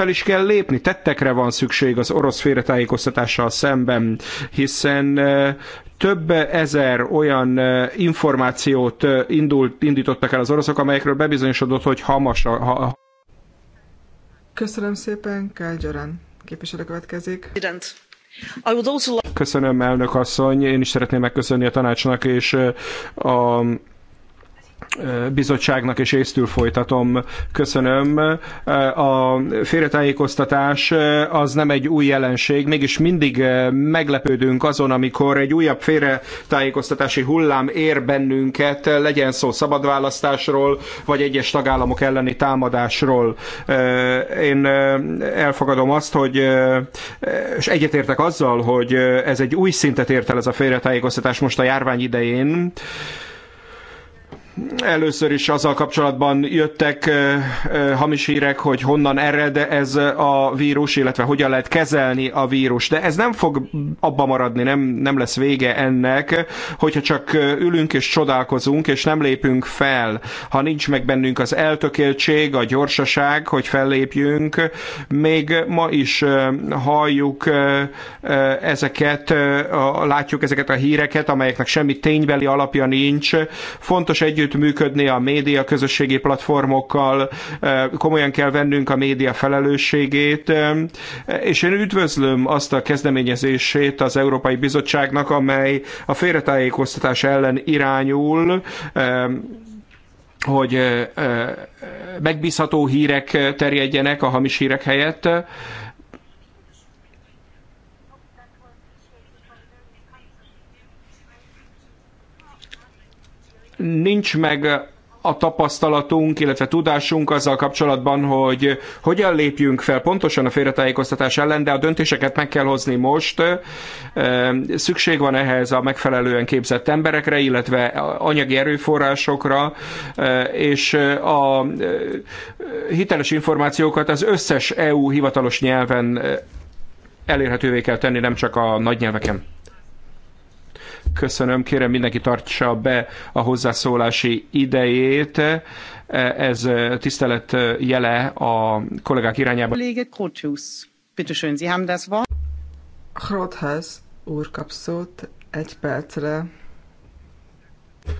fel is kell lépni, tettekre van szükség az orosz félretájékoztatással szemben, hiszen több ezer olyan információt indult, indítottak el az oroszok, amelyekről bebizonyosodott, hogy hamas a, ha... Köszönöm szépen, Kál Gyorán. Képviselő következik. Köszönöm, elnök asszony. Én is szeretném megköszönni a tanácsnak és a bizottságnak, és észtül folytatom. Köszönöm. A félretájékoztatás az nem egy új jelenség, mégis mindig meglepődünk azon, amikor egy újabb félretájékoztatási hullám ér bennünket, legyen szó szabadválasztásról, vagy egyes tagállamok elleni támadásról. Én elfogadom azt, hogy és egyetértek azzal, hogy ez egy új szintet ért el ez a félretájékoztatás most a járvány idején, Először is azzal kapcsolatban jöttek hamis hírek, hogy honnan ered ez a vírus, illetve hogyan lehet kezelni a vírus. De ez nem fog abba maradni, nem, nem lesz vége ennek, hogyha csak ülünk és csodálkozunk, és nem lépünk fel. Ha nincs meg bennünk az eltökéltség, a gyorsaság, hogy fellépjünk, még ma is halljuk ezeket, látjuk ezeket a híreket, amelyeknek semmi ténybeli alapja nincs. Fontos együtt együttműködni a média közösségi platformokkal, eh, komolyan kell vennünk a média felelősségét, eh, és én üdvözlöm azt a kezdeményezését az Európai Bizottságnak, amely a félretájékoztatás ellen irányul, eh, hogy megbízható hírek terjedjenek a hamis hírek helyett. nincs meg a tapasztalatunk, illetve tudásunk azzal kapcsolatban, hogy hogyan lépjünk fel pontosan a félretájékoztatás ellen, de a döntéseket meg kell hozni most. Szükség van ehhez a megfelelően képzett emberekre, illetve anyagi erőforrásokra, és a hiteles információkat az összes EU hivatalos nyelven elérhetővé kell tenni, nem csak a nagy nyelveken. Köszönöm, kérem mindenki tartsa be a hozzászólási idejét. Ez tisztelet jele a kollégák irányába. Kollége Krothus, bitteschön, Sie haben das Wort. Krothus úr kap szót egy percre.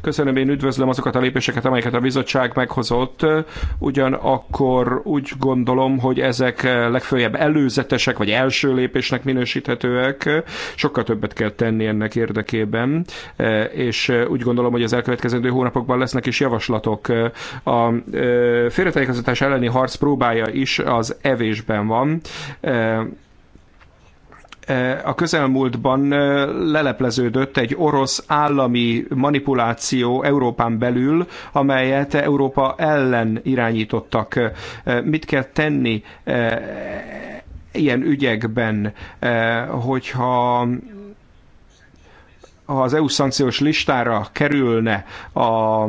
Köszönöm, én üdvözlöm azokat a lépéseket, amelyeket a bizottság meghozott. Ugyanakkor úgy gondolom, hogy ezek legfőjebb előzetesek, vagy első lépésnek minősíthetőek. Sokkal többet kell tenni ennek érdekében, és úgy gondolom, hogy az elkövetkezendő hónapokban lesznek is javaslatok. A félretájékoztatás elleni harc próbája is az evésben van E, a közelmúltban e, lelepleződött egy orosz állami manipuláció Európán belül, amelyet Európa ellen irányítottak. E, mit kell tenni ilyen ügyekben, hogyha ha az EU szankciós listára kerülne a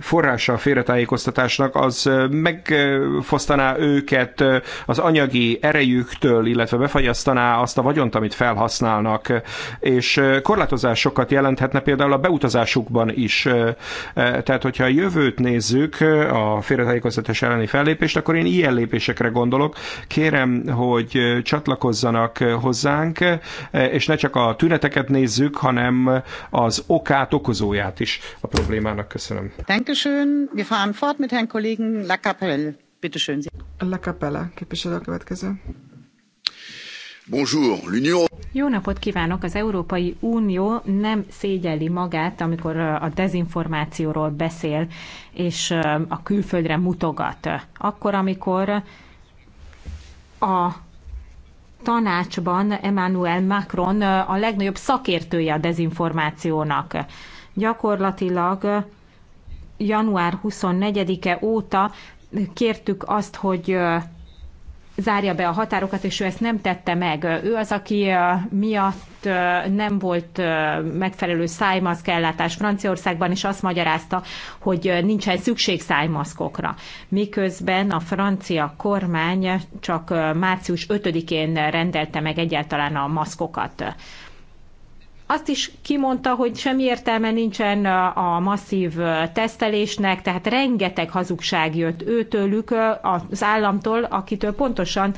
forrása a félretájékoztatásnak, az megfosztaná őket az anyagi erejüktől, illetve befagyasztaná azt a vagyont, amit felhasználnak, és korlátozásokat jelenthetne például a beutazásukban is. Tehát, hogyha a jövőt nézzük, a félretájékoztatás elleni fellépést, akkor én ilyen lépésekre gondolok. Kérem, hogy csatlakozzanak hozzánk, és ne csak a tüneteket nézzük, hanem hanem az okát, okozóját is a problémának. Köszönöm. Dankeschön. Wir fahren fort mit Herrn Kollegen Lacapelle. Bitte schön. Lacapella, képviselő a következő. Bonjour, l'Union. Jó napot kívánok! Az Európai Unió nem szégyeli magát, amikor uh, a dezinformációról beszél, és uh, a külföldre mutogat. Akkor, amikor a tanácsban Emmanuel Macron a legnagyobb szakértője a dezinformációnak. Gyakorlatilag január 24-e óta kértük azt, hogy zárja be a határokat, és ő ezt nem tette meg. Ő az, aki miatt nem volt megfelelő szájmaszk ellátás Franciaországban, és azt magyarázta, hogy nincsen szükség szájmaszkokra. Miközben a francia kormány csak március 5-én rendelte meg egyáltalán a maszkokat azt is kimondta, hogy semmi értelme nincsen a masszív tesztelésnek, tehát rengeteg hazugság jött őtőlük, az államtól, akitől pontosan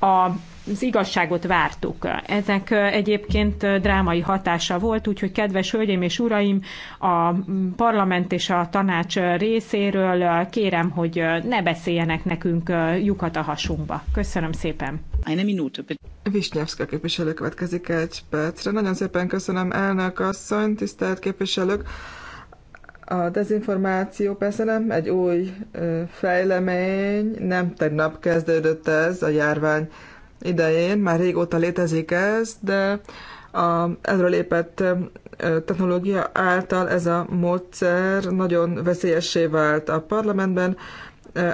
a az igazságot vártuk. Ezek egyébként drámai hatása volt, úgyhogy kedves hölgyeim és uraim, a parlament és a tanács részéről kérem, hogy ne beszéljenek nekünk lyukat a hasunkba. Köszönöm szépen. Eine Minute, Visnyevszka képviselő következik egy percre. Nagyon szépen köszönöm elnök asszony, tisztelt képviselők. A dezinformáció persze nem egy új fejlemény, nem tegnap kezdődött ez a járvány idején, már régóta létezik ez, de a előrelépett technológia által ez a módszer nagyon veszélyessé vált a parlamentben.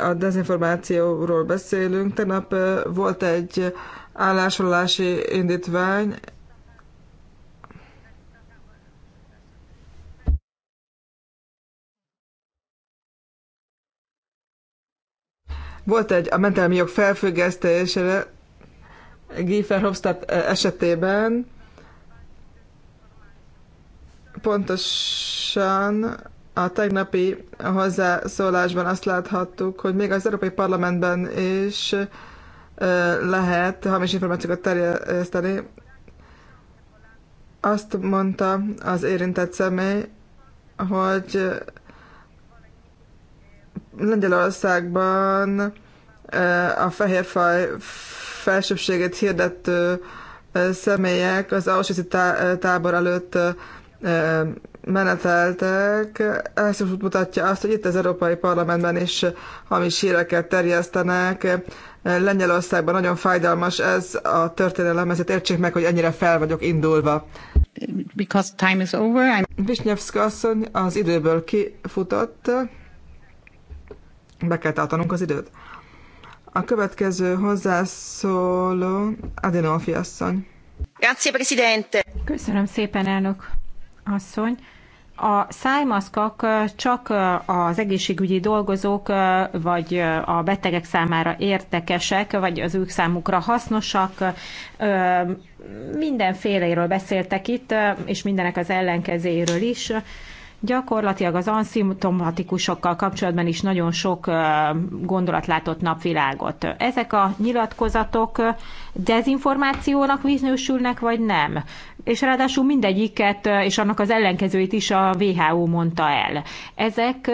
A dezinformációról beszélünk. Tegnap volt egy állásolási indítvány, Volt egy a mentelmi jog felfüggesztésére Guy Verhofstadt eh, esetében pontosan a tegnapi hozzászólásban azt láthattuk, hogy még az Európai Parlamentben is eh, lehet hamis információkat terjeszteni. Azt mondta az érintett személy, hogy Lengyelországban a faj felsőbségét hirdető személyek az Auschwitz tábor előtt meneteltek. Ezt is mutatja azt, hogy itt az Európai Parlamentben is hamis híreket terjesztenek. Lengyelországban nagyon fájdalmas ez a történelem, ezért értsék meg, hogy ennyire fel vagyok indulva. Because time is over. I'm... asszony az időből kifutott. Be kell tartanunk az időt. A következő hozzászóló Adinolfi asszony. Grazie, Presidente. Köszönöm szépen, elnök asszony. A szájmaszkak csak az egészségügyi dolgozók vagy a betegek számára értekesek, vagy az ők számukra hasznosak. Mindenféléről beszéltek itt, és mindenek az ellenkezéről is. Gyakorlatilag az anszimptomatikusokkal kapcsolatban is nagyon sok gondolat látott napvilágot. Ezek a nyilatkozatok dezinformációnak minősülnek, vagy nem? és ráadásul mindegyiket és annak az ellenkezőit is a WHO mondta el. Ezek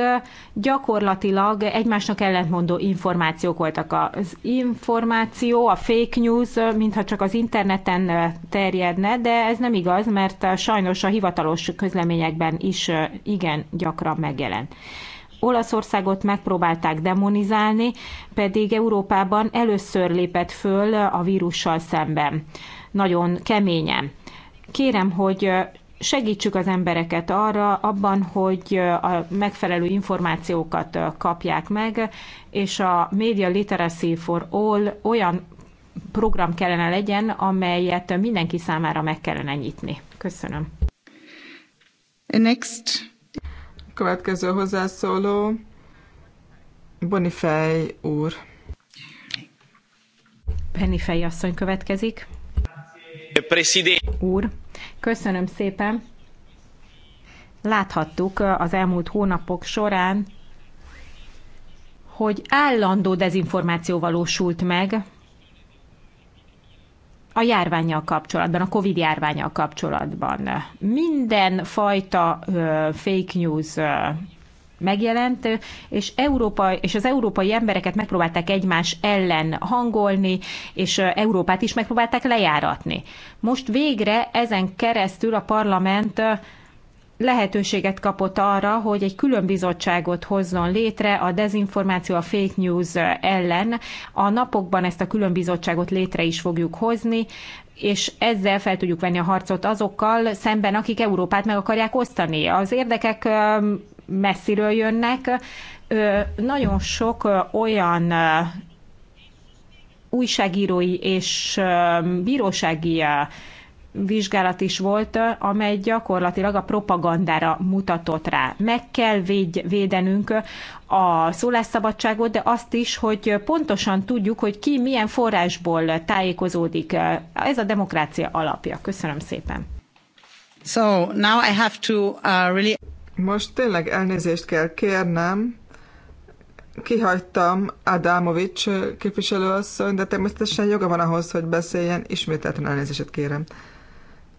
gyakorlatilag egymásnak ellentmondó információk voltak. Az információ, a fake news, mintha csak az interneten terjedne, de ez nem igaz, mert sajnos a hivatalos közleményekben is igen gyakran megjelent. Olaszországot megpróbálták demonizálni, pedig Európában először lépett föl a vírussal szemben. Nagyon keményen. Kérem, hogy segítsük az embereket arra, abban, hogy a megfelelő információkat kapják meg, és a Media Literacy for All olyan program kellene legyen, amelyet mindenki számára meg kellene nyitni. Köszönöm. Next. Következő hozzászóló Bonifej úr. Bonifej asszony következik. President. Úr. Köszönöm szépen. Láthattuk az elmúlt hónapok során, hogy állandó dezinformáció valósult meg a járványjal kapcsolatban, a Covid járványjal kapcsolatban. Minden fajta fake news megjelent, és, Európa, és az európai embereket megpróbálták egymás ellen hangolni, és Európát is megpróbálták lejáratni. Most végre ezen keresztül a parlament lehetőséget kapott arra, hogy egy külön bizottságot hozzon létre a dezinformáció, a fake news ellen. A napokban ezt a külön bizottságot létre is fogjuk hozni, és ezzel fel tudjuk venni a harcot azokkal szemben, akik Európát meg akarják osztani. Az érdekek messziről jönnek. Nagyon sok olyan újságírói és bírósági vizsgálat is volt, amely gyakorlatilag a propagandára mutatott rá. Meg kell védenünk a szólásszabadságot, de azt is, hogy pontosan tudjuk, hogy ki milyen forrásból tájékozódik. Ez a demokrácia alapja. Köszönöm szépen. So now I have to, uh, really... Most tényleg elnézést kell kérnem, kihagytam Adámovics képviselőasszony, de természetesen joga van ahhoz, hogy beszéljen, ismételten elnézést kérem.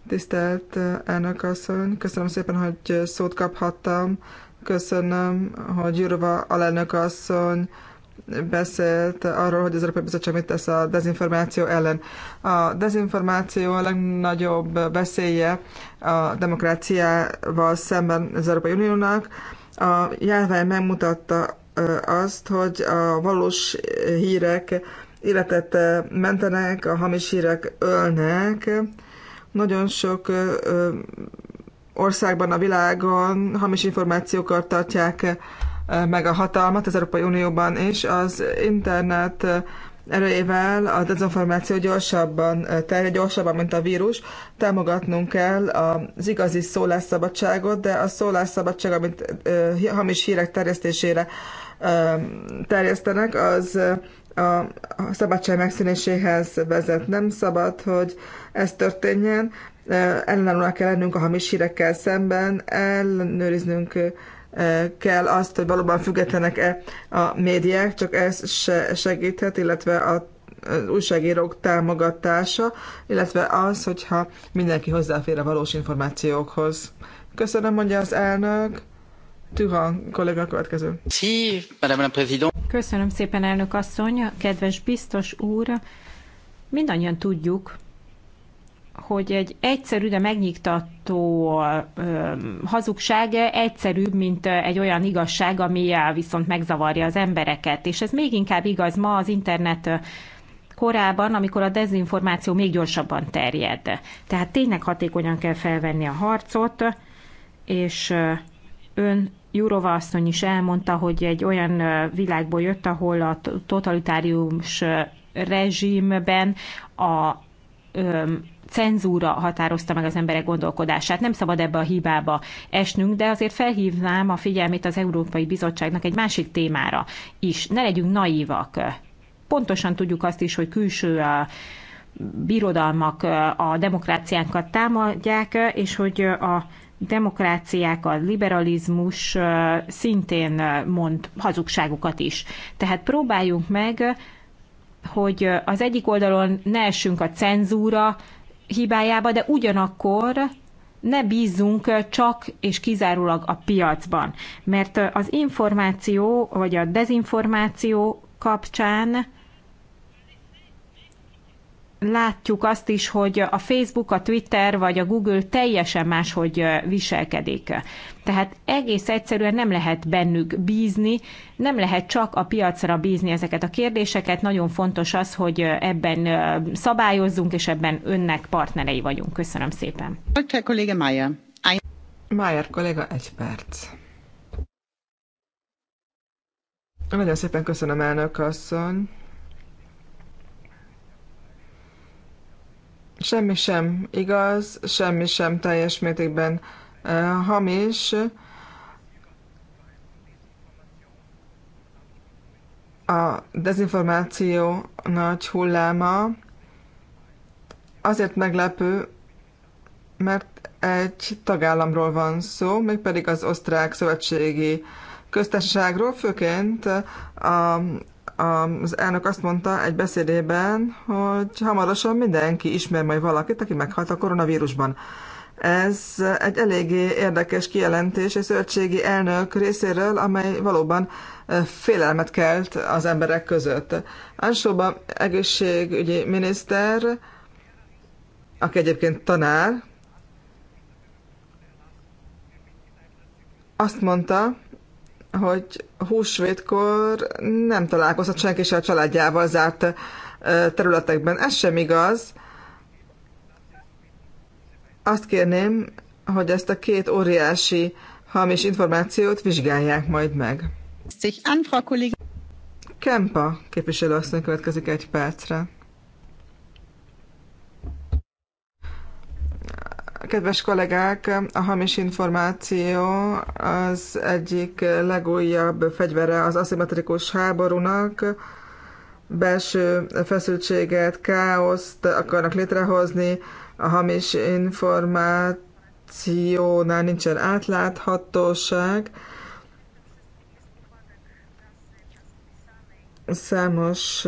Tisztelt eh, elnök asszony, köszönöm szépen, hogy szót kaphattam, köszönöm, hogy Jurova alelnök asszony, beszélt arról, hogy az Európai Bizottság mit tesz a dezinformáció ellen. A dezinformáció a legnagyobb veszélye a demokráciával szemben az Európai Uniónak. A járvány megmutatta azt, hogy a valós hírek életet mentenek, a hamis hírek ölnek. Nagyon sok országban a világon hamis információkat tartják meg a hatalmat az Európai Unióban is, az internet erejével a dezinformáció gyorsabban terje, gyorsabban, mint a vírus. Támogatnunk kell az igazi szólásszabadságot, de a szólásszabadság, amit hamis hírek terjesztésére terjesztenek, az a szabadság megszűnéséhez vezet. Nem szabad, hogy ez történjen. Ellenállóan kell lennünk a hamis hírekkel szemben, ellenőriznünk kell azt, hogy valóban függetlenek-e a médiák, csak ez se segíthet, illetve a újságírók támogatása, illetve az, hogyha mindenki hozzáfér a valós információkhoz. Köszönöm, mondja az elnök. Tuhan kollega következő. madame Köszönöm szépen, elnök asszony, kedves biztos úr. Mindannyian tudjuk, hogy egy egyszerű, de megnyugtató hazugság egyszerűbb, mint egy olyan igazság, ami viszont megzavarja az embereket. És ez még inkább igaz ma az internet korában, amikor a dezinformáció még gyorsabban terjed. Tehát tényleg hatékonyan kell felvenni a harcot, és ön Jurova asszony is elmondta, hogy egy olyan világból jött, ahol a totalitárius rezsimben a cenzúra határozta meg az emberek gondolkodását. Nem szabad ebbe a hibába esnünk, de azért felhívnám a figyelmét az Európai Bizottságnak egy másik témára is. Ne legyünk naívak. Pontosan tudjuk azt is, hogy külső a birodalmak a demokráciánkat támadják, és hogy a demokráciák, a liberalizmus szintén mond hazugságokat is. Tehát próbáljunk meg, hogy az egyik oldalon ne essünk a cenzúra hibájába, de ugyanakkor ne bízzunk csak és kizárólag a piacban, mert az információ vagy a dezinformáció kapcsán látjuk azt is, hogy a Facebook, a Twitter vagy a Google teljesen máshogy viselkedik. Tehát egész egyszerűen nem lehet bennük bízni, nem lehet csak a piacra bízni ezeket a kérdéseket. Nagyon fontos az, hogy ebben szabályozzunk, és ebben önnek partnerei vagyunk. Köszönöm szépen. Kolléga Mayer kolléga, egy perc. Nagyon szépen köszönöm, elnök asszony. Semmi sem igaz, semmi sem teljes mértékben eh, hamis. A dezinformáció nagy hulláma azért meglepő, mert egy tagállamról van szó, mégpedig az osztrák szövetségi köztársaságról, főként a az elnök azt mondta egy beszédében, hogy hamarosan mindenki ismer majd valakit, aki meghalt a koronavírusban. Ez egy eléggé érdekes kijelentés egy szövetségi elnök részéről, amely valóban félelmet kelt az emberek között. Ansóban egészségügyi miniszter, aki egyébként tanár, azt mondta, hogy húsvétkor nem találkozhat senki se a családjával zárt területekben. Ez sem igaz. Azt kérném, hogy ezt a két óriási hamis információt vizsgálják majd meg. Kempa képviselő azt következik egy percre. Kedves kollégák, a hamis információ az egyik legújabb fegyvere az aszimmetrikus háborúnak. Belső feszültséget, káoszt akarnak létrehozni, a hamis információnál nincsen átláthatóság. Számos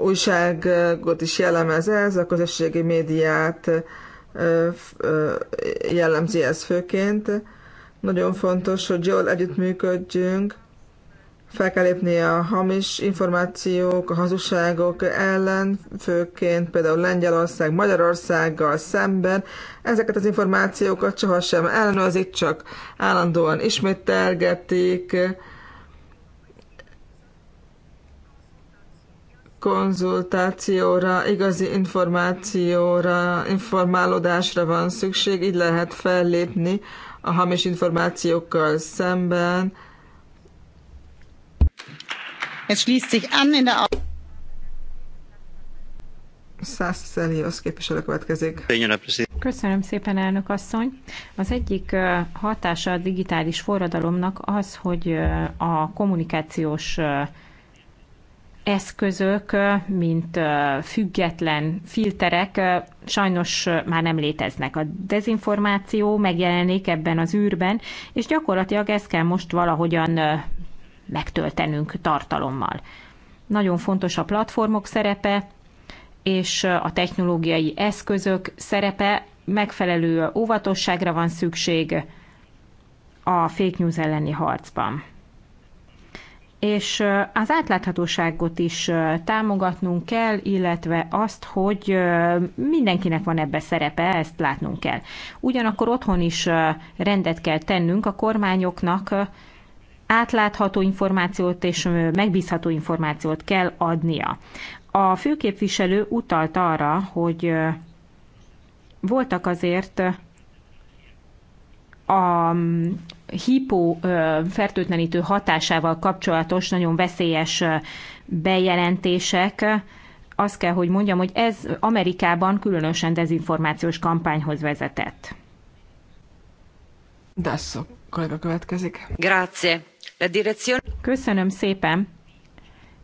újságot is jellemez ez, a közösségi médiát jellemzi ez főként. Nagyon fontos, hogy jól együttműködjünk, fel kell lépni a hamis információk, a hazugságok ellen, főként például Lengyelország, Magyarországgal szemben. Ezeket az információkat sohasem ellenőrzik, csak állandóan ismételgetik, konzultációra, igazi információra, informálódásra van szükség, így lehet fellépni a hamis információkkal szemben. Ez schließt sich an in der Szász képviselő következik. Köszönöm szépen, elnök asszony. Az egyik hatása a digitális forradalomnak az, hogy a kommunikációs eszközök, mint független filterek sajnos már nem léteznek. A dezinformáció megjelenik ebben az űrben, és gyakorlatilag ezt kell most valahogyan megtöltenünk tartalommal. Nagyon fontos a platformok szerepe, és a technológiai eszközök szerepe, megfelelő óvatosságra van szükség a fake news elleni harcban és az átláthatóságot is támogatnunk kell, illetve azt, hogy mindenkinek van ebbe szerepe, ezt látnunk kell. Ugyanakkor otthon is rendet kell tennünk a kormányoknak, átlátható információt és megbízható információt kell adnia. A főképviselő utalt arra, hogy voltak azért a hipó fertőtlenítő hatásával kapcsolatos nagyon veszélyes bejelentések, azt kell, hogy mondjam, hogy ez Amerikában különösen dezinformációs kampányhoz vezetett. Dasso, kollega következik. Grazie. La direzione... Köszönöm szépen.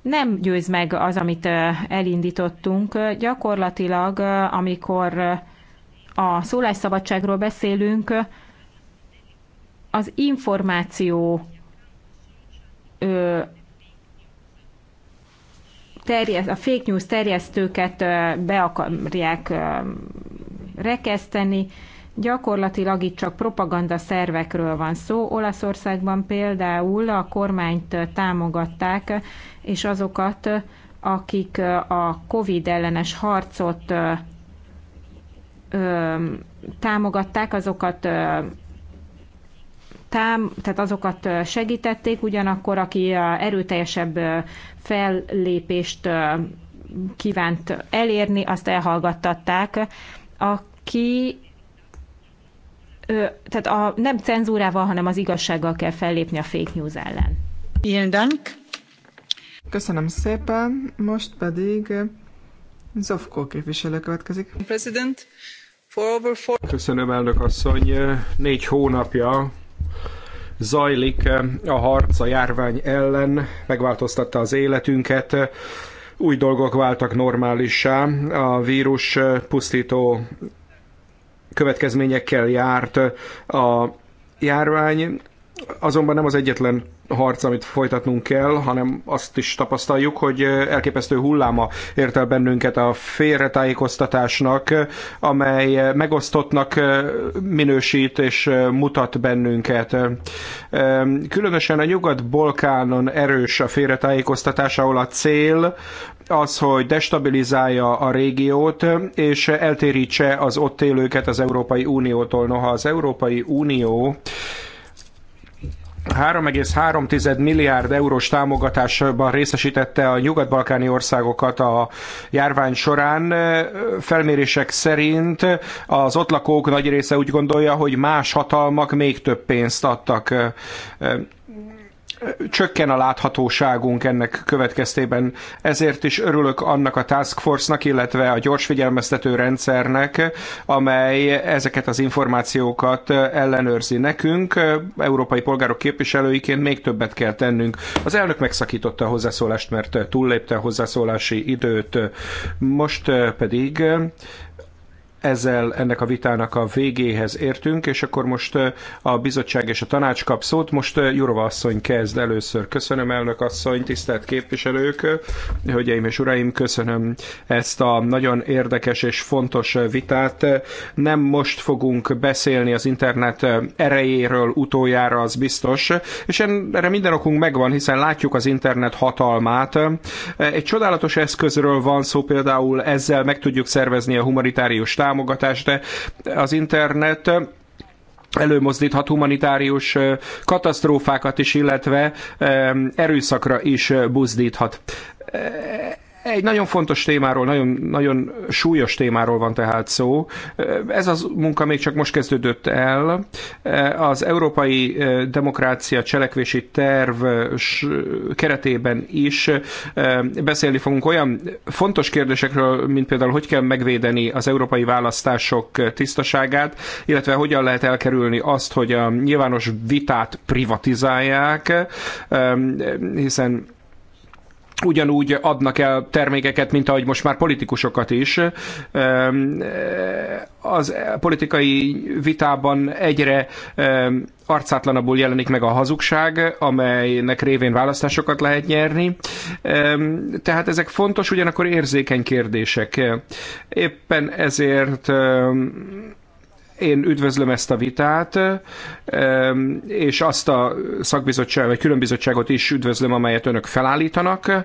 Nem győz meg az, amit elindítottunk. Gyakorlatilag, amikor a szólásszabadságról beszélünk, az információ ö, terjesz, a fake news terjesztőket ö, be akarják ö, rekeszteni. Gyakorlatilag itt csak propaganda szervekről van szó. Olaszországban például a kormányt támogatták, és azokat, akik a COVID ellenes harcot ö, támogatták, azokat tám, tehát azokat segítették, ugyanakkor aki erőteljesebb fellépést kívánt elérni, azt elhallgattatták, aki tehát a, nem cenzúrával, hanem az igazsággal kell fellépni a fake news ellen. Vielen Dank. Köszönöm szépen, most pedig Zofko képviselő következik. President, for over four... Köszönöm, elnök asszony. Négy hónapja zajlik eh, a harc a járvány ellen, megváltoztatta az életünket, új dolgok váltak normálissá, a vírus eh, pusztító következményekkel járt eh, a járvány, azonban nem az egyetlen harc, amit folytatnunk kell, hanem azt is tapasztaljuk, hogy elképesztő hulláma ért el bennünket a félretájékoztatásnak, amely megosztottnak minősít és mutat bennünket. Különösen a Nyugat-Balkánon erős a félretájékoztatás, ahol a cél az, hogy destabilizálja a régiót, és eltérítse az ott élőket az Európai Uniótól. Noha az Európai Unió 3,3 milliárd eurós támogatásban részesítette a nyugat-balkáni országokat a járvány során. Felmérések szerint az ott lakók nagy része úgy gondolja, hogy más hatalmak még több pénzt adtak csökken a láthatóságunk ennek következtében. Ezért is örülök annak a task force-nak, illetve a gyors figyelmeztető rendszernek, amely ezeket az információkat ellenőrzi nekünk. Európai polgárok képviselőiként még többet kell tennünk. Az elnök megszakította a hozzászólást, mert túllépte a hozzászólási időt. Most pedig ezzel ennek a vitának a végéhez értünk, és akkor most a bizottság és a tanács kap szót. Most Jurova asszony kezd először. Köszönöm, elnök asszony, tisztelt képviselők, hölgyeim és uraim, köszönöm ezt a nagyon érdekes és fontos vitát. Nem most fogunk beszélni az internet erejéről utoljára, az biztos, és erre minden okunk megvan, hiszen látjuk az internet hatalmát. Egy csodálatos eszközről van szó, például ezzel meg tudjuk szervezni a humanitárius támogatást, támogatás, de az internet előmozdíthat humanitárius katasztrófákat is, illetve erőszakra is buzdíthat egy nagyon fontos témáról, nagyon, nagyon súlyos témáról van tehát szó. Ez az munka még csak most kezdődött el. Az Európai eh, Demokrácia Cselekvési Terv keretében is eh, beszélni fogunk olyan fontos kérdésekről, mint például, hogy kell megvédeni az európai választások tisztaságát, illetve hogyan lehet elkerülni azt, hogy a nyilvános vitát privatizálják, eh, hiszen ugyanúgy adnak el termékeket, mint ahogy most már politikusokat is. Ehm, az politikai vitában egyre ehm, arcátlanabbul jelenik meg a hazugság, amelynek révén választásokat lehet nyerni. Ehm, tehát ezek fontos, ugyanakkor érzékeny kérdések. Éppen ezért én üdvözlöm ezt a vitát, és azt a szakbizottságot, vagy különbizottságot is üdvözlöm, amelyet önök felállítanak.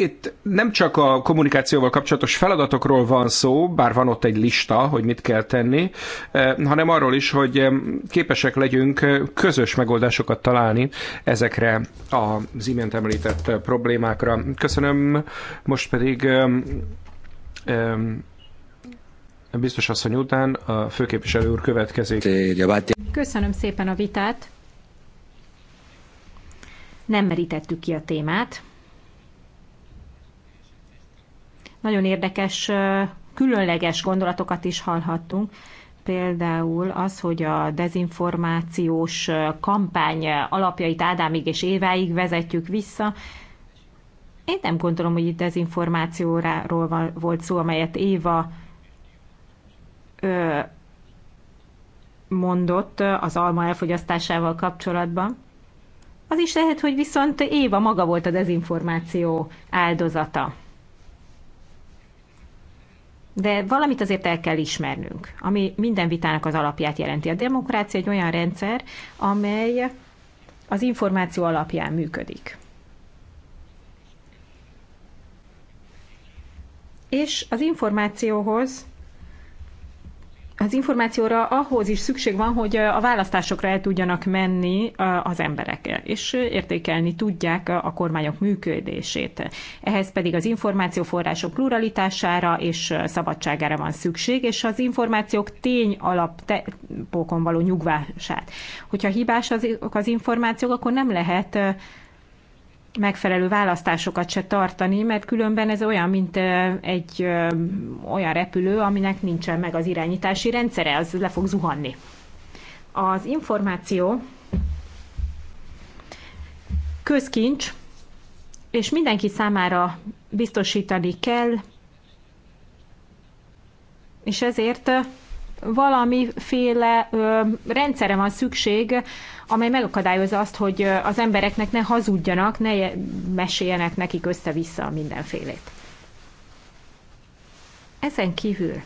itt nem csak a kommunikációval kapcsolatos feladatokról van szó, bár van ott egy lista, hogy mit kell tenni, eh, hanem arról is, hogy eh, képesek legyünk eh, közös megoldásokat találni ezekre az imént említett problémákra. Köszönöm, most pedig biztos asszony után a főképviselő úr következik. Köszönöm szépen a vitát. Nem merítettük ki a témát, Nagyon érdekes, különleges gondolatokat is hallhattunk. Például az, hogy a dezinformációs kampány alapjait Ádámig és Éváig vezetjük vissza, én nem gondolom, hogy itt dezinformációról volt szó, amelyet Éva ö, mondott az alma elfogyasztásával kapcsolatban. Az is lehet, hogy viszont Éva maga volt a dezinformáció áldozata de valamit azért el kell ismernünk, ami minden vitának az alapját jelenti. A demokrácia egy olyan rendszer, amely az információ alapján működik. És az információhoz az információra ahhoz is szükség van, hogy a választásokra el tudjanak menni az emberek, és értékelni tudják a kormányok működését. Ehhez pedig az információforrások pluralitására és szabadságára van szükség, és az információk tény alapokon való nyugvását. Hogyha hibás az, az információk, akkor nem lehet megfelelő választásokat se tartani, mert különben ez olyan, mint egy olyan repülő, aminek nincsen meg az irányítási rendszere, az le fog zuhanni. Az információ közkincs, és mindenki számára biztosítani kell, és ezért valamiféle rendszere van szükség, amely megakadályozza azt, hogy az embereknek ne hazudjanak, ne meséljenek nekik össze-vissza mindenfélét. Ezen kívül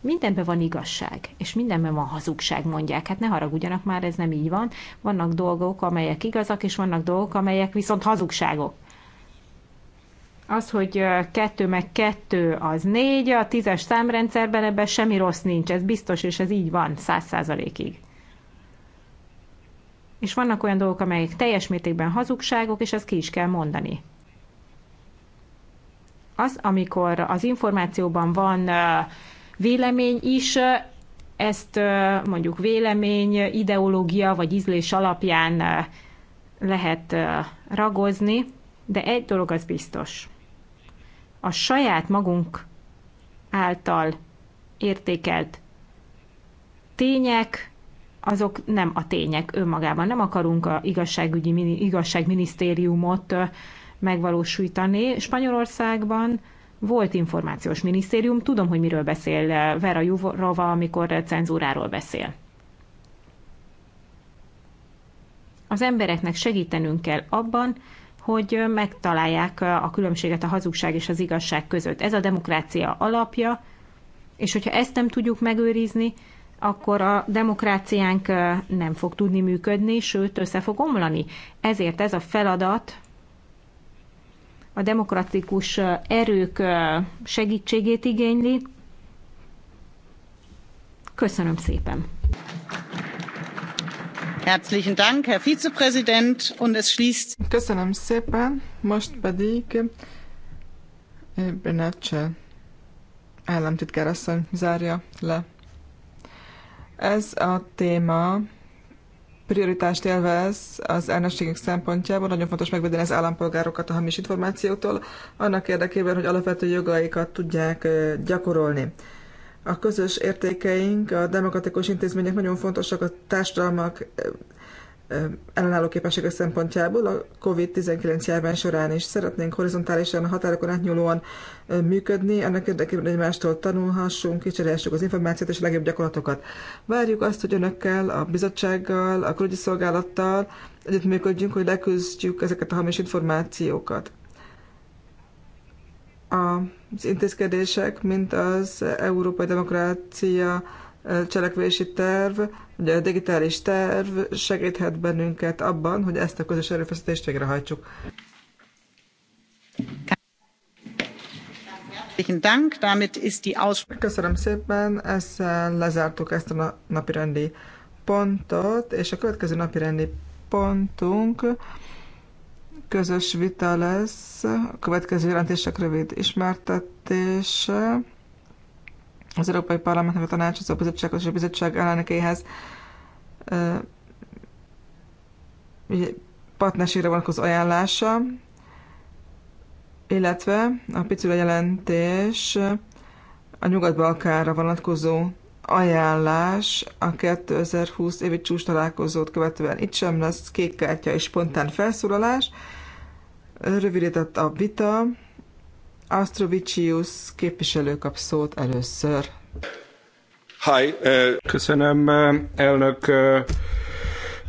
mindenben van igazság, és mindenben van hazugság, mondják. Hát ne haragudjanak már, ez nem így van. Vannak dolgok, amelyek igazak, és vannak dolgok, amelyek viszont hazugságok. Az, hogy kettő meg kettő az négy, a tízes számrendszerben ebben semmi rossz nincs, ez biztos, és ez így van száz százalékig és vannak olyan dolgok, amelyek teljes mértékben hazugságok, és ezt ki is kell mondani. Az, amikor az információban van vélemény is, ezt mondjuk vélemény, ideológia vagy ízlés alapján lehet ragozni, de egy dolog az biztos. A saját magunk által értékelt tények, azok nem a tények önmagában. Nem akarunk a igazságügyi, igazságminisztériumot megvalósítani. Spanyolországban volt információs minisztérium, tudom, hogy miről beszél Vera Jurova, amikor cenzúráról beszél. Az embereknek segítenünk kell abban, hogy megtalálják a különbséget a hazugság és az igazság között. Ez a demokrácia alapja, és hogyha ezt nem tudjuk megőrizni, akkor a demokráciánk nem fog tudni működni, sőt, össze fog omlani. Ezért ez a feladat a demokratikus erők segítségét igényli. Köszönöm szépen! Herzlichen Dank, Herr Vizepräsident, und es schließt. Köszönöm szépen, most pedig Benetse államtitkárasszony zárja le. Ez a téma prioritást élvez az elnökségünk szempontjából. Nagyon fontos megvédeni az állampolgárokat a hamis információtól, annak érdekében, hogy alapvető jogaikat tudják gyakorolni. A közös értékeink, a demokratikus intézmények nagyon fontosak a társadalmak ellenálló képessége szempontjából a COVID-19 járvány során is. Szeretnénk horizontálisan, a határokon átnyúlóan működni, annak érdekében, hogy egymástól tanulhassunk, kicserélhessük az információt és a legjobb gyakorlatokat. Várjuk azt, hogy önökkel, a bizottsággal, a külügyi szolgálattal együttműködjünk, hogy leküzdjük ezeket a hamis információkat. Az intézkedések, mint az európai demokrácia, cselekvési terv, ugye a digitális terv segíthet bennünket abban, hogy ezt a közös erőfeszítést végrehajtsuk. Köszönöm szépen, ezzel lezártuk ezt a napirendi pontot, és a következő napirendi pontunk közös vita lesz, a következő jelentések rövid ismertetése az Európai Parlamentnek a tanácsozó bizottsághoz és a bizottság ellenekéhez partnerségre vonatkozó ajánlása, illetve a picula jelentés a Nyugat-Balkára vonatkozó ajánlás a 2020 évi csúcs találkozót követően itt sem lesz kék kártya és spontán felszólalás. Rövidített a vita, Astrovicius képviselő kap szót először. Hi, uh... Köszönöm, uh, elnök uh,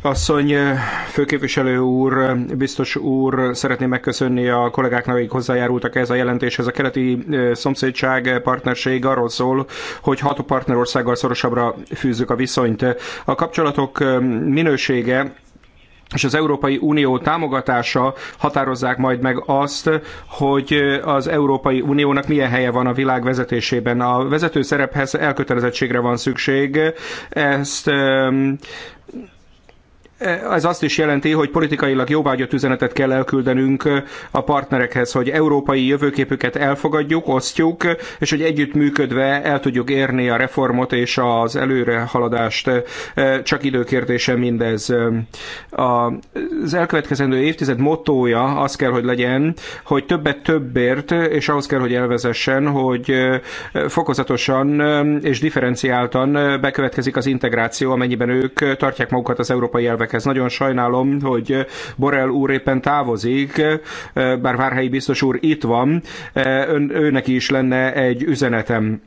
Asszony, uh, főképviselő úr, biztos úr, szeretném megköszönni a kollégáknak, akik hozzájárultak ez a jelentéshez. A keleti szomszédság partnerség arról szól, hogy hat partnerországgal szorosabbra fűzzük a viszonyt. A kapcsolatok um, minősége és az Európai Unió támogatása határozzák majd meg azt, hogy az Európai Uniónak milyen helye van a világ vezetésében. A vezető szerephez elkötelezettségre van szükség. Ezt ez azt is jelenti, hogy politikailag jóvágyott üzenetet kell elküldenünk a partnerekhez, hogy európai jövőképüket elfogadjuk, osztjuk, és hogy együttműködve el tudjuk érni a reformot és az előrehaladást. Csak időkérdése mindez. Az elkövetkezendő évtized mottója az kell, hogy legyen, hogy többet többért, és ahhoz kell, hogy elvezessen, hogy fokozatosan és differenciáltan bekövetkezik az integráció, amennyiben ők tartják magukat az európai elvek ez nagyon sajnálom, hogy eh, Borrell úr éppen távozik, eh, bár Várhelyi biztos úr itt van, eh, Ön, őnek is lenne egy üzenetem.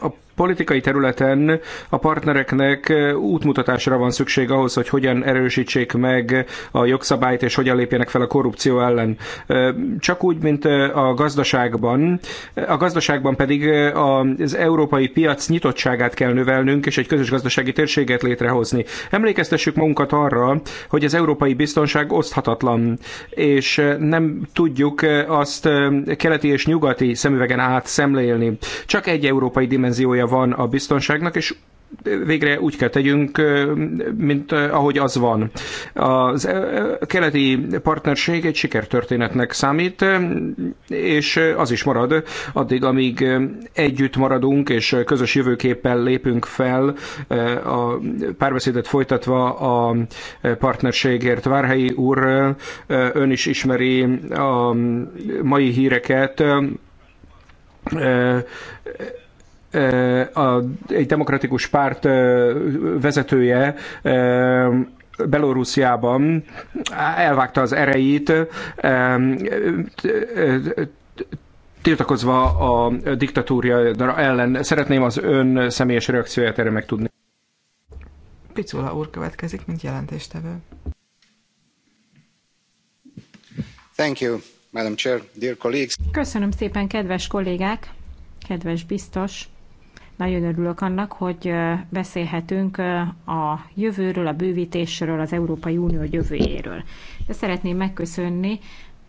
A politikai területen a partnereknek útmutatásra van szükség ahhoz, hogy hogyan erősítsék meg a jogszabályt és hogyan lépjenek fel a korrupció ellen. Csak úgy, mint a gazdaságban, a gazdaságban pedig az európai piac nyitottságát kell növelnünk, és egy közös gazdasági térséget létrehozni. Emlékeztessük magunkat arra, hogy az európai biztonság oszthatatlan, és nem tudjuk azt keleti és nyugati szemüvegen át szemlélni. Csak egy európai dimenziója van a biztonságnak, és végre úgy kell tegyünk, mint ahogy az van. Az keleti partnerség egy sikertörténetnek számít, és az is marad addig, amíg együtt maradunk, és közös jövőképpel lépünk fel a párbeszédet folytatva a partnerségért. Várhelyi úr, ön is ismeri a mai híreket, a, egy demokratikus párt vezetője Belorussziában elvágta az erejét, tiltakozva a diktatúria ellen. Szeretném az ön személyes reakcióját erre megtudni. Picula úr következik, mint jelentéstevő. Thank you, Madam Chair, dear colleagues. Köszönöm szépen, kedves kollégák, kedves biztos. Nagyon örülök annak, hogy beszélhetünk a jövőről, a bővítésről, az Európai Unió jövőjéről. De szeretném megköszönni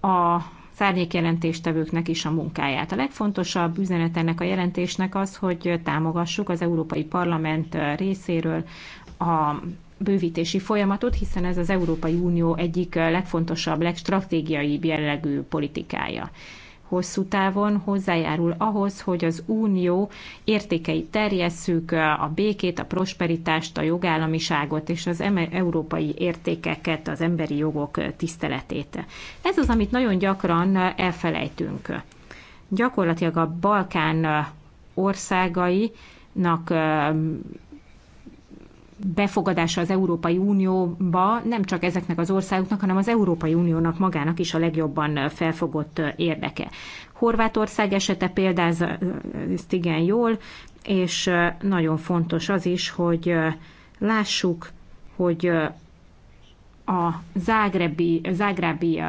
a szárnyék jelentéstevőknek is a munkáját. A legfontosabb üzenet ennek a jelentésnek az, hogy támogassuk az Európai Parlament részéről a bővítési folyamatot, hiszen ez az Európai Unió egyik legfontosabb, legstratégiaibb jellegű politikája hosszú távon hozzájárul ahhoz, hogy az unió értékeit terjesszük, a békét, a prosperitást, a jogállamiságot és az európai értékeket, az emberi jogok tiszteletét. Ez az, amit nagyon gyakran elfelejtünk. Gyakorlatilag a Balkán országainak befogadása az Európai Unióba nem csak ezeknek az országoknak, hanem az Európai Uniónak magának is a legjobban felfogott érdeke. Horvátország esete példáz ezt igen jól, és nagyon fontos az is, hogy lássuk, hogy a zágrebi, zágrábi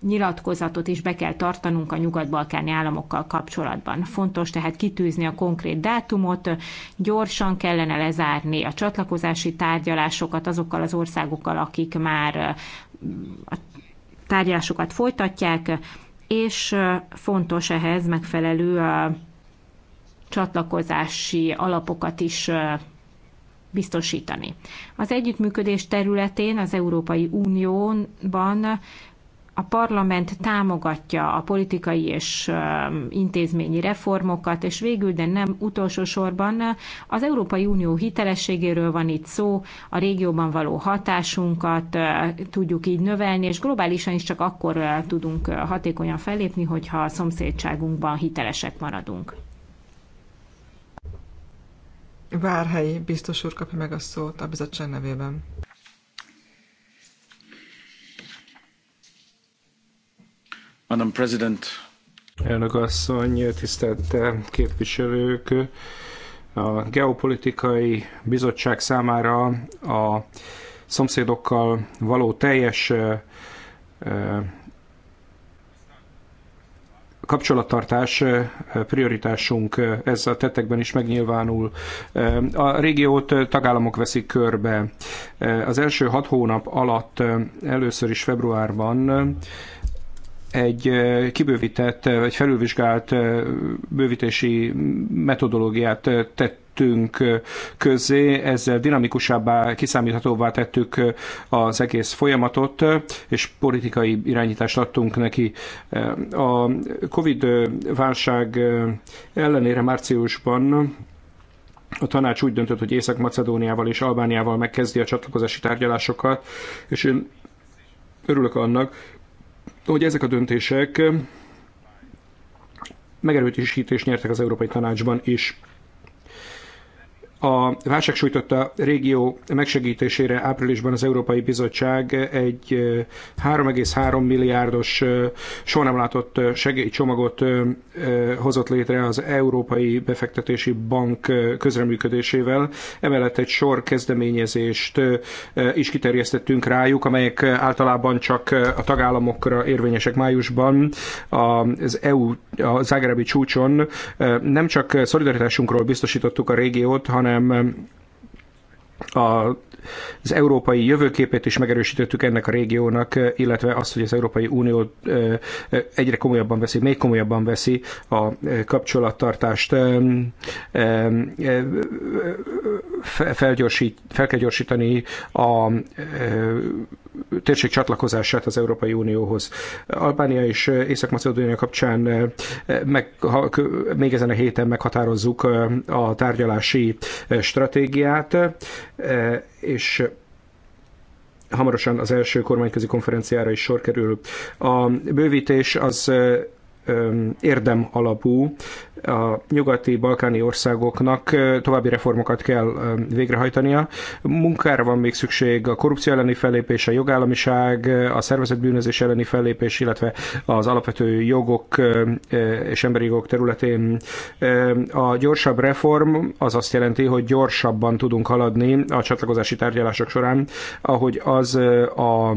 nyilatkozatot is be kell tartanunk a nyugat-balkáni államokkal kapcsolatban. Fontos tehát kitűzni a konkrét dátumot, gyorsan kellene lezárni a csatlakozási tárgyalásokat azokkal az országokkal, akik már a tárgyalásokat folytatják, és fontos ehhez megfelelő a csatlakozási alapokat is biztosítani. Az együttműködés területén az Európai Unióban a parlament támogatja a politikai és intézményi reformokat, és végül, de nem utolsó sorban az Európai Unió hitelességéről van itt szó, a régióban való hatásunkat tudjuk így növelni, és globálisan is csak akkor tudunk hatékonyan fellépni, hogyha a szomszédságunkban hitelesek maradunk. Várhelyi biztos úr kapja meg a szót a bizottság nevében. Madam President. Elnök asszony, tisztelt képviselők! A Geopolitikai Bizottság számára a szomszédokkal való teljes kapcsolattartás prioritásunk, ez a tettekben is megnyilvánul. A régiót tagállamok veszik körbe. Az első hat hónap alatt először is februárban egy kibővített vagy felülvizsgált bővítési metodológiát tett tettünk ezzel dinamikusabbá, kiszámíthatóvá tettük az egész folyamatot, és politikai irányítást adtunk neki. A Covid válság ellenére márciusban a tanács úgy döntött, hogy Észak-Macedóniával és Albániával megkezdi a csatlakozási tárgyalásokat, és én örülök annak, hogy ezek a döntések megerősítést nyertek az Európai Tanácsban is. A válság sújtotta régió megsegítésére áprilisban az Európai Bizottság egy 3,3 milliárdos soha nem látott segélycsomagot hozott létre az Európai Befektetési Bank közreműködésével. Emellett egy sor kezdeményezést is kiterjesztettünk rájuk, amelyek általában csak a tagállamokra érvényesek májusban az EU, a Zágrábi csúcson. Nem csak szolidaritásunkról biztosítottuk a régiót, hanem hanem a az európai jövőképét is megerősítettük ennek a régiónak, eh, illetve azt, hogy az Európai Unió eh, eh, egyre komolyabban veszi, még komolyabban veszi a kapcsolattartást. Felgyorsít, fel kell gyorsítani a térség csatlakozását az Európai Unióhoz. Albánia és Észak-Macedónia kapcsán eh, meg, ha, még ezen a héten meghatározzuk eh, a tárgyalási eh, stratégiát, és hamarosan az első kormányközi konferenciára is sor kerül. A bővítés az érdem alapú. A nyugati balkáni országoknak további reformokat kell végrehajtania. Munkára van még szükség a korrupció elleni fellépés, a jogállamiság, a szervezetbűnözés elleni fellépés, illetve az alapvető jogok és emberi jogok területén. A gyorsabb reform az azt jelenti, hogy gyorsabban tudunk haladni a csatlakozási tárgyalások során, ahogy az a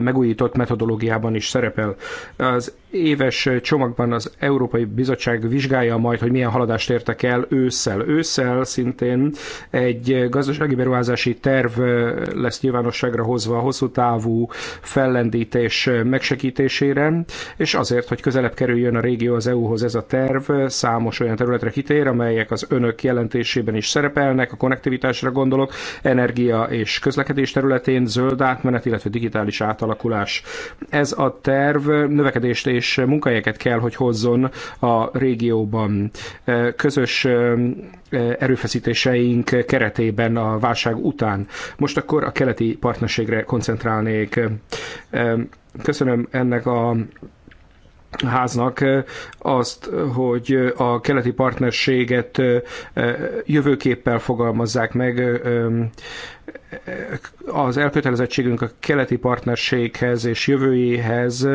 megújított metodológiában is szerepel. Az éves csomagban az Európai Bizottság vizsgálja majd, hogy milyen haladást értek el ősszel. Ősszel szintén egy gazdasági beruházási terv lesz nyilvánosságra hozva a hosszú távú fellendítés megsegítésére, és azért, hogy közelebb kerüljön a régió az EU-hoz ez a terv, számos olyan területre kitér, amelyek az önök jelentésében is szerepelnek, a konnektivitásra gondolok, energia és közlekedés területén, zöld átmenet, illetve digitális átalakulás. Ez a terv növekedést és és munkahelyeket kell, hogy hozzon a régióban. Közös erőfeszítéseink keretében a válság után. Most akkor a keleti partnerségre koncentrálnék. Köszönöm ennek a háznak azt, hogy a keleti partnerséget jövőképpel fogalmazzák meg az elkötelezettségünk a keleti partnerséghez és jövőjéhez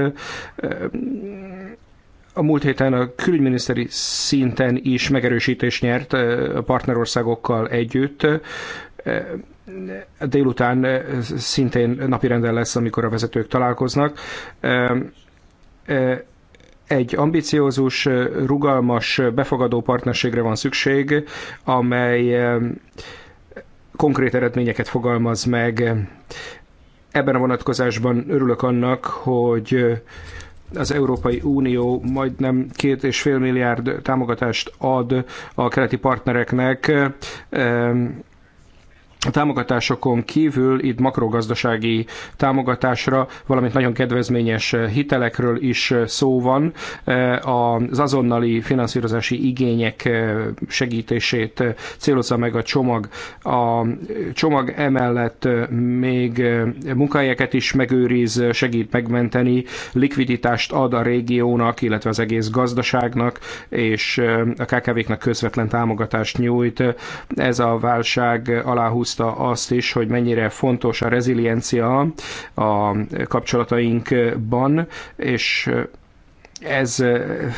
a múlt héten a külügyminiszteri szinten is megerősítés nyert a partnerországokkal együtt. Délután szintén napirenden lesz, amikor a vezetők találkoznak egy ambiciózus, rugalmas, befogadó partnerségre van szükség, amely konkrét eredményeket fogalmaz meg. Ebben a vonatkozásban örülök annak, hogy az Európai Unió majdnem két és fél milliárd támogatást ad a keleti partnereknek a támogatásokon kívül itt makrogazdasági támogatásra, valamint nagyon kedvezményes hitelekről is szó van. Az azonnali finanszírozási igények segítését célozza meg a csomag. A csomag emellett még munkahelyeket is megőriz, segít megmenteni, likviditást ad a régiónak, illetve az egész gazdaságnak, és a KKV-knak közvetlen támogatást nyújt. Ez a válság aláhúz hangsúlyozta azt is, hogy mennyire fontos a reziliencia a kapcsolatainkban, és ez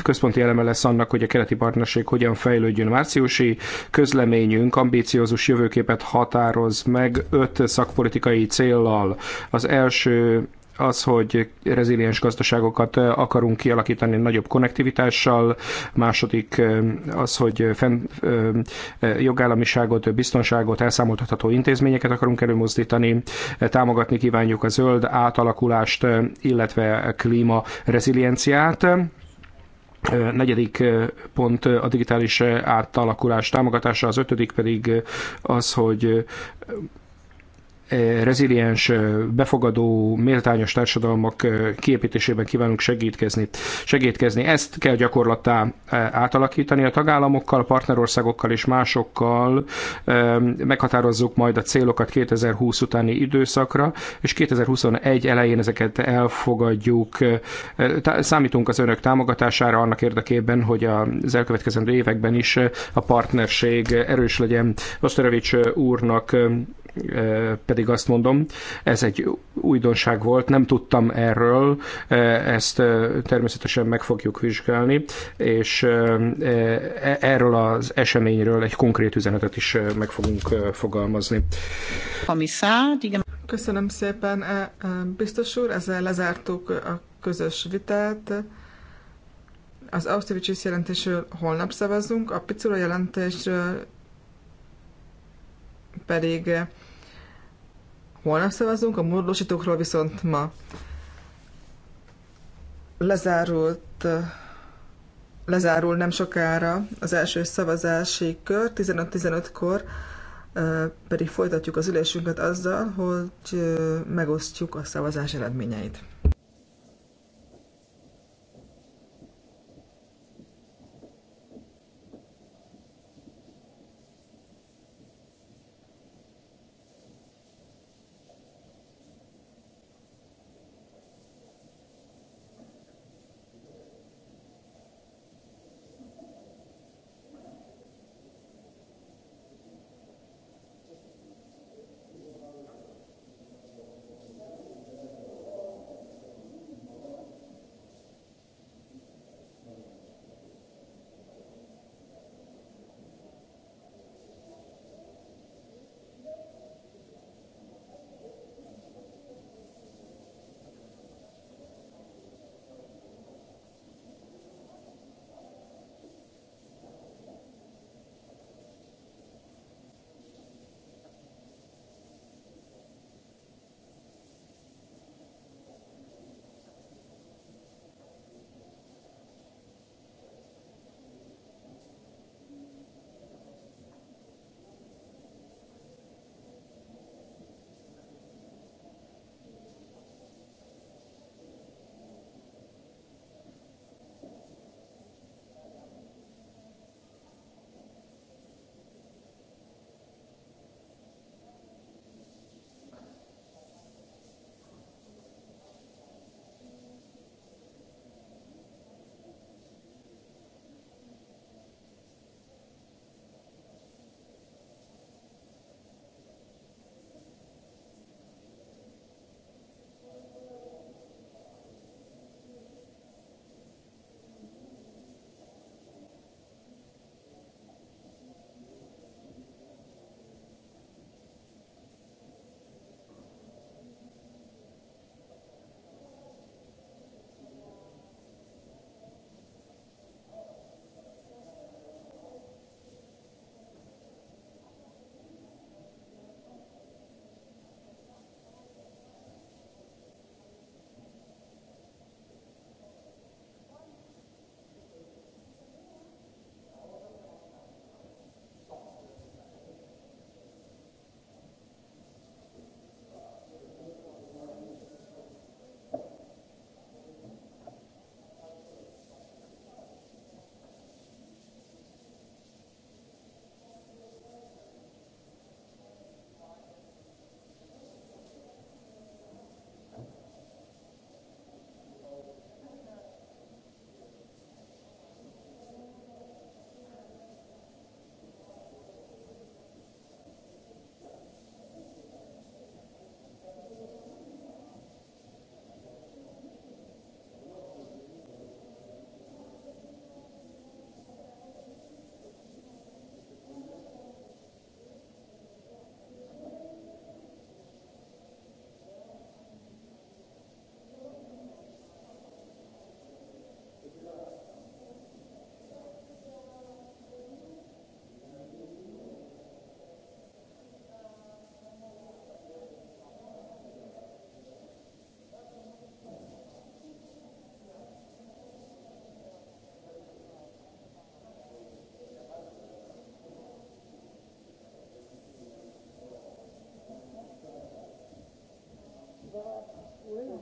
központi eleme lesz annak, hogy a keleti partnerség hogyan fejlődjön. Márciusi közleményünk ambíciózus jövőképet határoz meg öt szakpolitikai céllal. Az első az, hogy reziliens gazdaságokat eh, akarunk kialakítani nagyobb konnektivitással, második eh, az, hogy fenn, eh, jogállamiságot, biztonságot, elszámoltatható intézményeket akarunk előmozdítani, támogatni kívánjuk a zöld átalakulást, illetve klíma rezilienciát. Negyedik pont a digitális átalakulás támogatása, az ötödik pedig az, hogy Eh, reziliens, eh, befogadó, méltányos társadalmak eh, kiépítésében kívánunk segítkezni. segítkezni. Ezt kell gyakorlattá átalakítani a tagállamokkal, partnerországokkal és másokkal. Meghatározzuk majd a célokat 2020 utáni időszakra, és 2021 elején ezeket elfogadjuk. Számítunk az önök támogatására annak érdekében, hogy az elkövetkezendő években is a partnerség erős legyen. Osztorovics úrnak pedig azt mondom, ez egy újdonság volt, nem tudtam erről, ezt természetesen meg fogjuk vizsgálni, és e, e, erről az eseményről egy konkrét üzenetet is meg fogunk fogalmazni. Köszönöm szépen, e, biztos úr, ezzel lezártuk a közös vitát. Az Ausztrivicsis jelentésről holnap szavazunk, a Picula jelentésről pedig holnap szavazunk, a módosítókról viszont ma. Lezárult, lezárul nem sokára az első szavazási kör, 15-15-kor pedig folytatjuk az ülésünket azzal, hogy megosztjuk a szavazás eredményeit.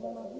Ronald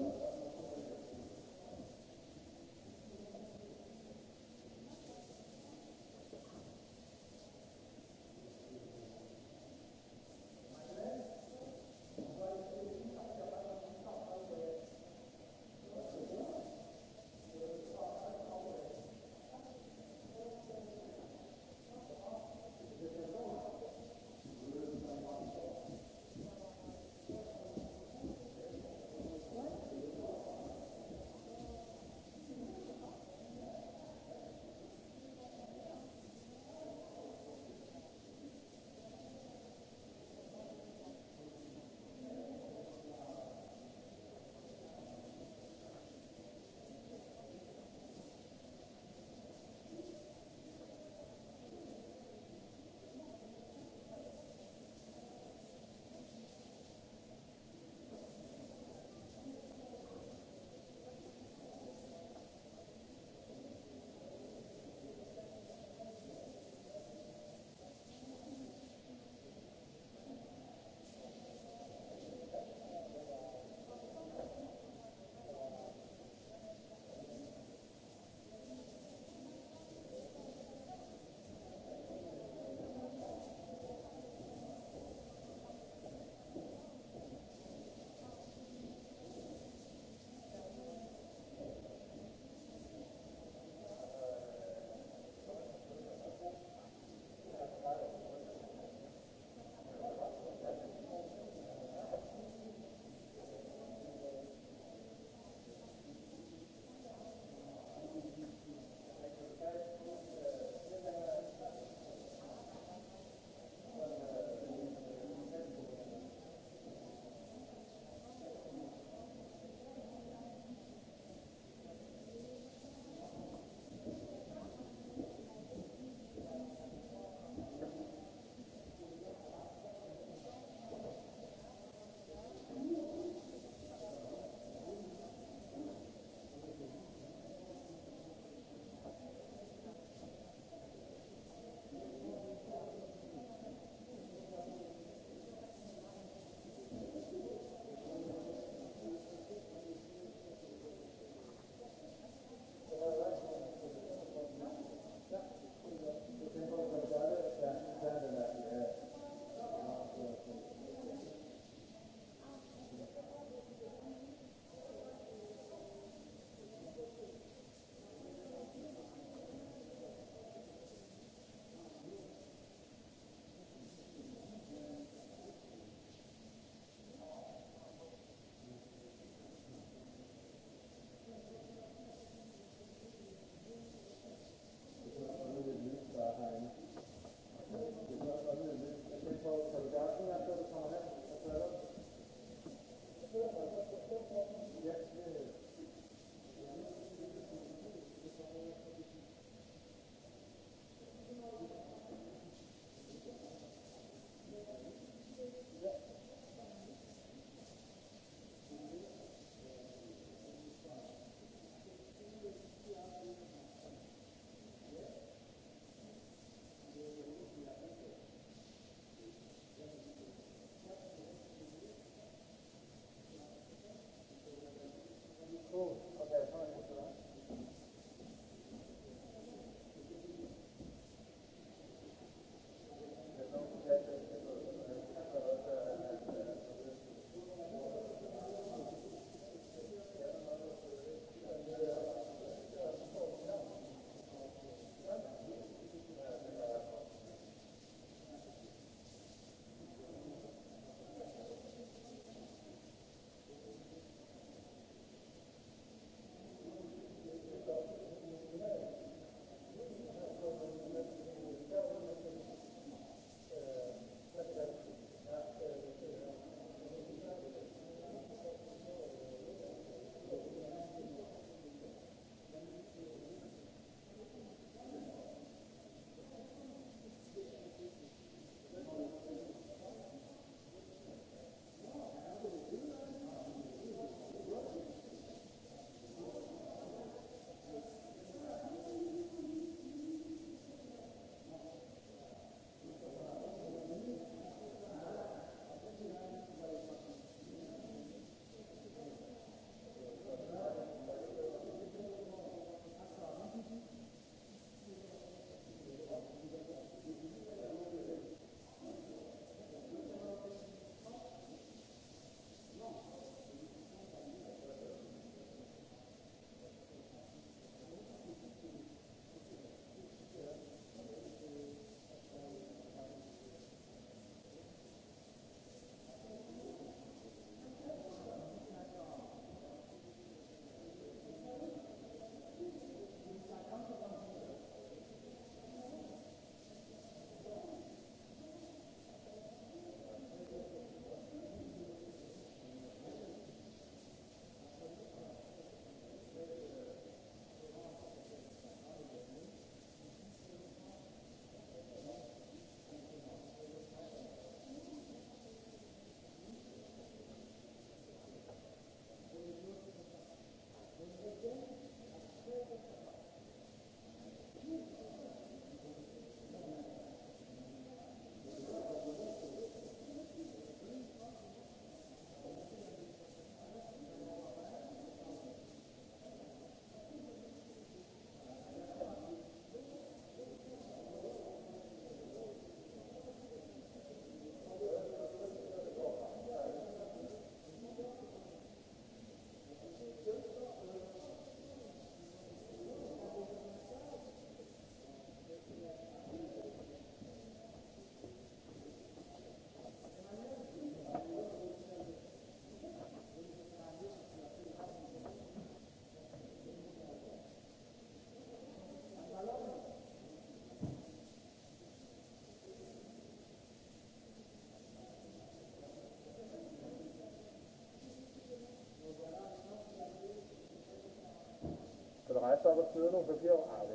只能弄成比较矮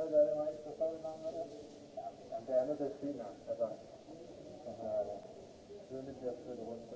dödade man inte förbannade. Det är ändå det fina. Det